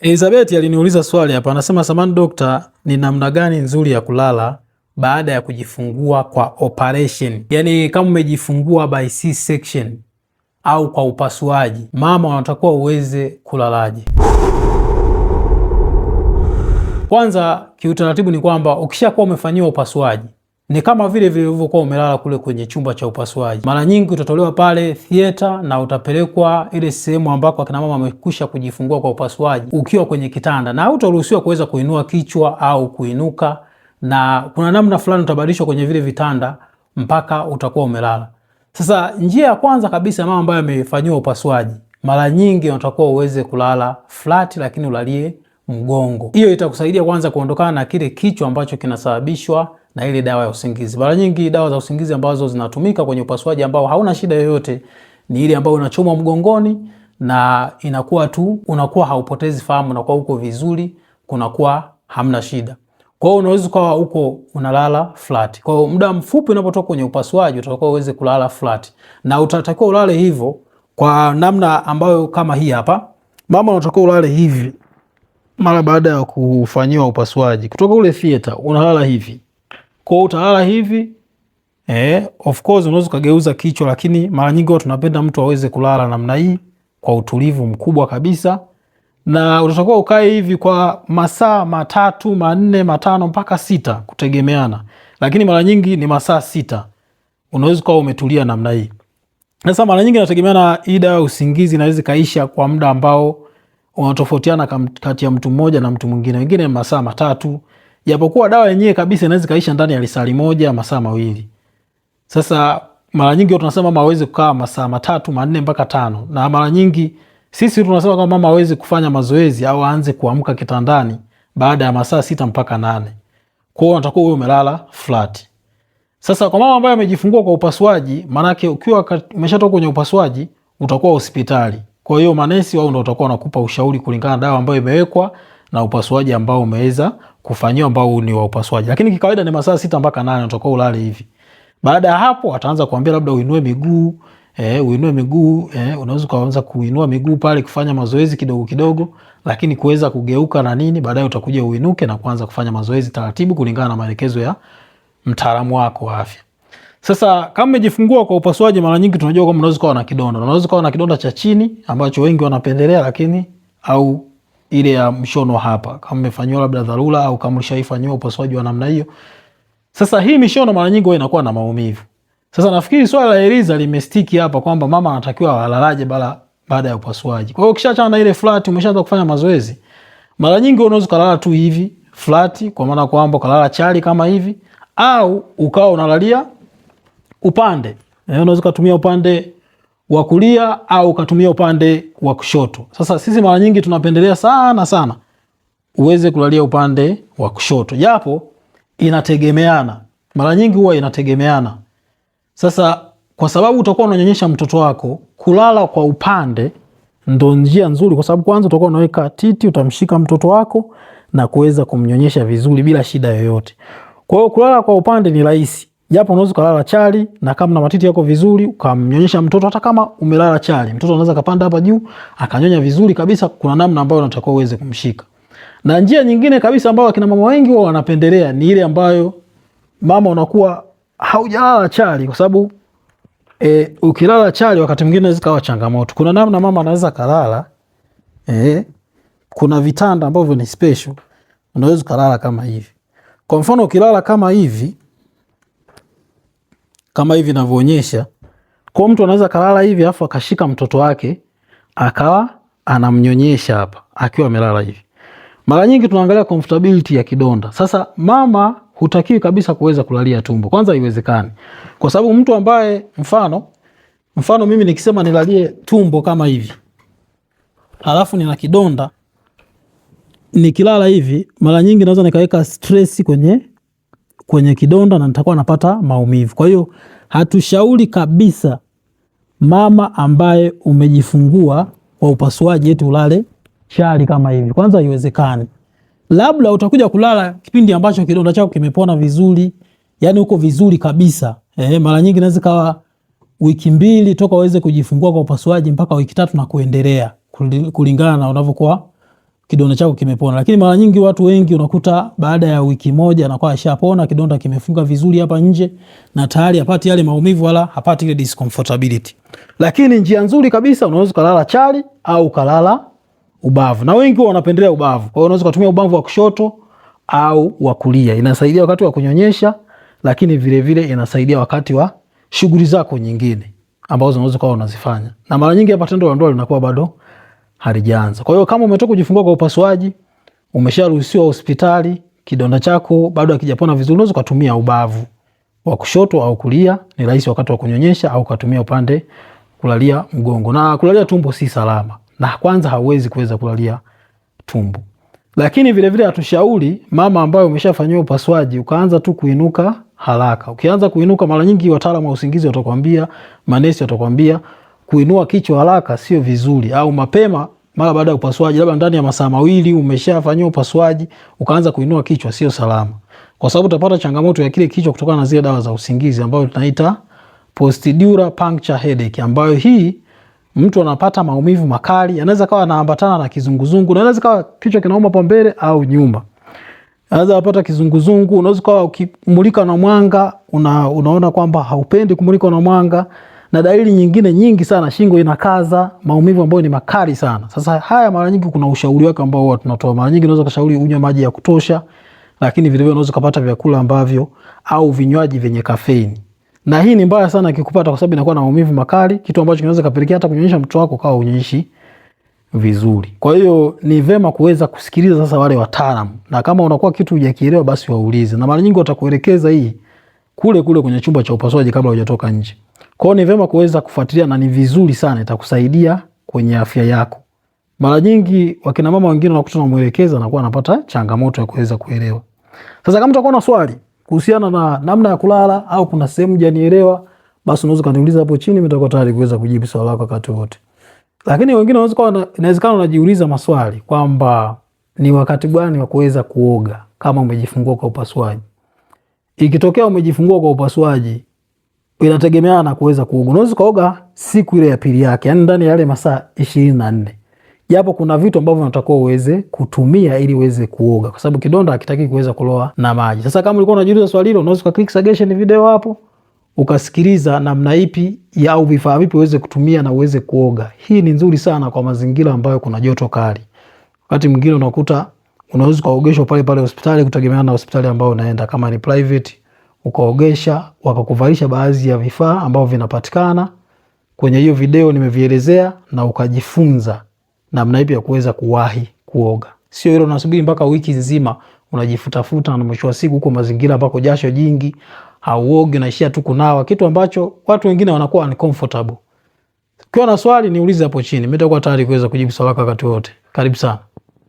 Elizabeth aliniuliza swali hapa, anasema samani dokta, ni namna gani nzuri ya kulala baada ya kujifungua kwa operation? Yaani kama umejifungua by C-section au kwa upasuaji, mama unatakiwa uweze kulalaje? Kwanza kiutaratibu ni kwamba ukishakuwa umefanyiwa upasuaji ni kama vile vile ulivyokuwa umelala kule kwenye chumba cha upasuaji. Mara nyingi utatolewa pale theater na utapelekwa ile sehemu ambako akina mama wamekwisha kujifungua kwa upasuaji, ukiwa kwenye kitanda na hautaruhusiwa kuweza kuinua kichwa au kuinuka, na kuna namna fulani utabadilishwa kwenye vile vitanda mpaka utakuwa umelala. Sasa njia ya kwanza kabisa, mama ambaye amefanyiwa upasuaji, mara nyingi unatakiwa uweze kulala flat, lakini ulalie mgongo. Hiyo itakusaidia kwanza kuondokana na kile kichwa ambacho kinasababishwa na ile dawa ya usingizi. Mara nyingi dawa za usingizi ambazo zinatumika kwenye upasuaji ambao hauna shida yoyote ni ile ambayo unachomwa mgongoni na inakuwa tu unakuwa haupotezi fahamu, na kwa uko vizuri, kunakuwa hamna shida. Kwa hiyo unaweza kuwa uko unalala flat. Kwa hiyo muda mfupi unapotoka kwenye upasuaji utakuwa uweze kulala flat. Na utatakiwa ulale hivyo kwa namna ambayo kama hii hapa. Mama unatakiwa ulale hivi mara baada ya kufanyiwa upasuaji kutoka ule theater, unalala hivi kwa utalala hivi eh, of course unaweza ukageuza kichwa, lakini mara nyingi watu tunapenda mtu aweze kulala namna hii kwa utulivu mkubwa kabisa, na utatakiwa ukae hivi kwa masaa matatu manne matano mpaka sita kutegemeana, lakini mara nyingi ni masaa sita unaweza ukawa umetulia namna hii. Sasa mara nyingi inategemeana ida ya usingizi inaweza ikaisha kwa muda ambao wanatofautiana kati ya mtu mmoja na mtu mwingine, wengine masaa matatu, japokuwa dawa yenyewe kabisa inaweza ikaisha ndani ya lisali moja masaa mawili. Sasa mara nyingi watu wanasema mama hawezi kukaa masaa matatu manne mpaka tano, na mara nyingi sisi tunasema kwamba mama hawezi kufanya mazoezi au aanze kuamka kitandani baada ya masaa sita mpaka nane. Kwa hiyo unatakuwa wewe umelala flat. Sasa kwa mama ambaye amejifungua kwa upasuaji, maanake ukiwa umeshatoka kwenye upasuaji utakuwa hospitali kwa hiyo manesi wao ndio watakuwa wanakupa ushauri kulingana na dawa ambayo imewekwa na upasuaji ambao umeweza kufanyiwa ambao ni wa upasuaji. Lakini kikawaida ni masaa sita mpaka nane utakuwa ulale hivi. Baada ya hapo ataanza kuambia labda uinue miguu, eh, uinue miguu, eh, unaweza kuanza kuinua miguu pale kufanya mazoezi kidogo kidogo, lakini kuweza kugeuka na nini, baadaye utakuja uinuke na kuanza kufanya mazoezi taratibu kulingana na maelekezo ya mtaalamu wako wa afya. Sasa kama umejifungua kwa upasuaji, mara nyingi tunajua kwamba unaweza kuwa na kidonda, unaweza kuwa na kidonda cha chini ambacho wengi wanapendelea, lakini au ile ya mshono hapa, kama umefanyiwa labda dharura au kama ulishaifanywa upasuaji wa namna hiyo. Sasa hii mishono mara nyingi inakuwa na maumivu. Sasa nafikiri swala la Eliza limestiki hapa kwamba mama anatakiwa alalaje bala baada ya upasuaji. Kwa hiyo ukishaachana na ile flat, umeshaanza kufanya mazoezi, mara nyingi unaweza kulala tu hivi flat, kwa maana kwamba kulala chali kama hivi, au ukawa unalalia upande. Eh, unaweza ukatumia upande wa kulia au ukatumia upande wa kushoto. Sasa sisi mara nyingi tunapendelea sana sana uweze kulalia upande wa kushoto, japo inategemeana, mara nyingi huwa inategemeana. Sasa kwa sababu utakuwa unanyonyesha mtoto wako, kulala kwa upande ndo njia nzuri, kwa sababu kwanza utakuwa unaweka titi, utamshika mtoto wako na kuweza kumnyonyesha vizuri bila shida yoyote. Kwa hiyo kulala kwa upande ni rahisi, japo unaweza kulala chali na kama na matiti yako vizuri ukamnyonyesha mtoto, hata kama umelala chali, mtoto anaweza kapanda hapa juu akanyonya vizuri kabisa. Kuna namna ambayo unatakiwa uweze kumshika. Na njia nyingine kabisa ambayo akina mama wengi wao wanapendelea ni ile ambayo mama unakuwa haujalala chali, kwa sababu e, ukilala chali wakati mwingine inaweza kawa changamoto. Kuna namna mama anaweza kalala e, kuna vitanda ambavyo ni special, unaweza kalala kama hivi. Kwa mfano ukilala kama hivi kama hivi inavyoonyesha. Kwa mtu anaweza kalala hivi afu akashika mtoto wake akawa anamnyonyesha hapa akiwa amelala hivi. Mara nyingi tunaangalia comfortability ya kidonda. Sasa mama hutakiwi kabisa kuweza kulalia tumbo. Kwanza haiwezekani. Kwa sababu mtu ambaye mfano mfano mimi nikisema nilalie tumbo kama hivi. Alafu nina kidonda nikilala hivi mara nyingi naweza nikaweka stress kwenye kwenye kidonda na nitakuwa napata maumivu. Kwa hiyo hatushauri kabisa mama ambaye umejifungua kwa upasuaji eti ulale chali kama hivi. Kwanza haiwezekani. Labda utakuja kulala kipindi ambacho kidonda chako kimepona vizuri, yani uko vizuri kabisa. Eh, mara nyingi naweza kawa wiki mbili toka uweze kujifungua kwa upasuaji mpaka wiki tatu na kuendelea kulingana na unavyokuwa kidonda chako kimepona. Lakini mara nyingi watu wengi unakuta baada ya wiki moja anakuwa ashapona, kidonda kimefunga vizuri hapa nje na tayari hapati yale maumivu wala hapati ile discomfortability. Lakini njia nzuri kabisa unaweza kulala chali au kulala ubavu. Na wengi wanapendelea ubavu. Kwa hiyo unaweza kutumia ubavu wa kushoto au wa kulia. Inasaidia wakati wa kunyonyesha, lakini vile vile inasaidia wakati wa shughuli zako nyingine ambazo unaweza kuwa unazifanya. Na mara nyingi hapa tendo la ndoa linakuwa bado halijaanza. Kwa hiyo kama umetoka kujifungua kwa upasuaji, umesharuhusiwa hospitali, kidonda chako bado hakijapona vizuri, unaweza ukatumia ubavu wa kushoto au kulia, ni rahisi wakati wa kunyonyesha, au ukatumia upande kulalia mgongo. Na kulalia tumbo si salama, na kwanza hauwezi kuweza kulalia tumbo. Lakini vile vile hatushauri mama ambayo umeshafanyiwa upasuaji ukaanza tu kuinuka haraka. Ukianza kuinuka, mara nyingi wataalamu wa usingizi watakwambia, manesi watakwambia kuinua kichwa haraka sio vizuri, au mapema mara baada ya upasuaji, labda ndani ya masaa mawili umeshafanyia upasuaji ukaanza kuinua kichwa, sio salama, kwa sababu utapata changamoto ya kile kichwa kutokana na zile dawa za usingizi ambayo tunaita postidural puncture headache, ambayo hii mtu anapata maumivu makali, anaweza kawa anaambatana na kizunguzungu, na anaweza kawa kichwa kinauma kwa mbele au nyuma, anaweza kupata kizunguzungu. Unaweza kawa ukimulika na mwanga una, unaona kwamba haupendi kumulika na mwanga na dalili nyingine nyingi sana, shingo inakaza, maumivu ambayo ni makali sana. Sasa haya mara nyingi kuna ushauri wake ambao huwa tunatoa. Mara nyingi unaweza kushauri unywe maji ya kutosha, lakini vile vile unaweza kupata vyakula ambavyo au vinywaji vyenye kafeini. Na hii ni mbaya sana kikupata kwa sababu inakuwa na maumivu makali, kitu ambacho kinaweza kapelekea hata kunyonyesha mtoto wako kawa unyonyeshi vizuri. Kwa hiyo ni vema kuweza kusikiliza sasa wale wataalamu, na kama unakuwa kitu hujakielewa basi waulize, na mara nyingi watakuelekeza hii kule kule kwenye chumba cha upasuaji kabla hujatoka nje. Kwa ni vema kuweza kufuatilia na ni vizuri sana, itakusaidia kwenye afya yako. Mara nyingi wakina mama wengine wanakuta namwelekeza mwelekeza anakuwa anapata changamoto ya kuweza kuelewa. Sasa kama utakuwa na swali kuhusiana na namna ya kulala au kuna sehemu janielewa, basi unaweza kaniuliza hapo chini, mimi nitakuwa tayari kuweza kujibu swali lako wakati wote. Lakini wengine wanaweza kuwa, inawezekana unajiuliza maswali kwamba ni wakati gani wa kuweza kuoga kama umejifungua kwa upasuaji. Ikitokea umejifungua kwa upasuaji, inategemeana na kuweza kuoga. Unaweza kuoga siku ile ya pili yake, yani ndani ya yale masaa ishirini na nne japo kuna vitu ambavyo unatakiwa uweze kutumia ili uweze kuoga, kwa sababu kidonda hakitaki kuweza kuloa na maji. Sasa kama ulikuwa unajiuliza swali hilo, unaweza ukaklik suggestion video hapo ukasikiliza namna ipi au vifaa vipi uweze kutumia na uweze kuoga. Hii ni nzuri sana kwa mazingira ambayo kuna joto kali. Wakati mwingine unakuta unaweza ukaogeshwa pale pale hospitali kutegemeana na hospitali ambayo unaenda, kama ni private ukaogesha, wakakuvalisha baadhi ya vifaa ambavyo vinapatikana kwenye hiyo video nimevielezea, na ukajifunza namna ipi ya kuweza kuwahi kuoga. Sio hilo unasubiri mpaka wiki nzima unajifutafuta, na mwisho wa siku huko mazingira ambako jasho jingi, hauogi unaishia tu kunawa, kitu ambacho watu wengine wanakuwa uncomfortable. Ukiwa na swali niulize hapo chini, mimi nitakuwa tayari kuweza kujibu swali lako wakati wote. Karibu sana.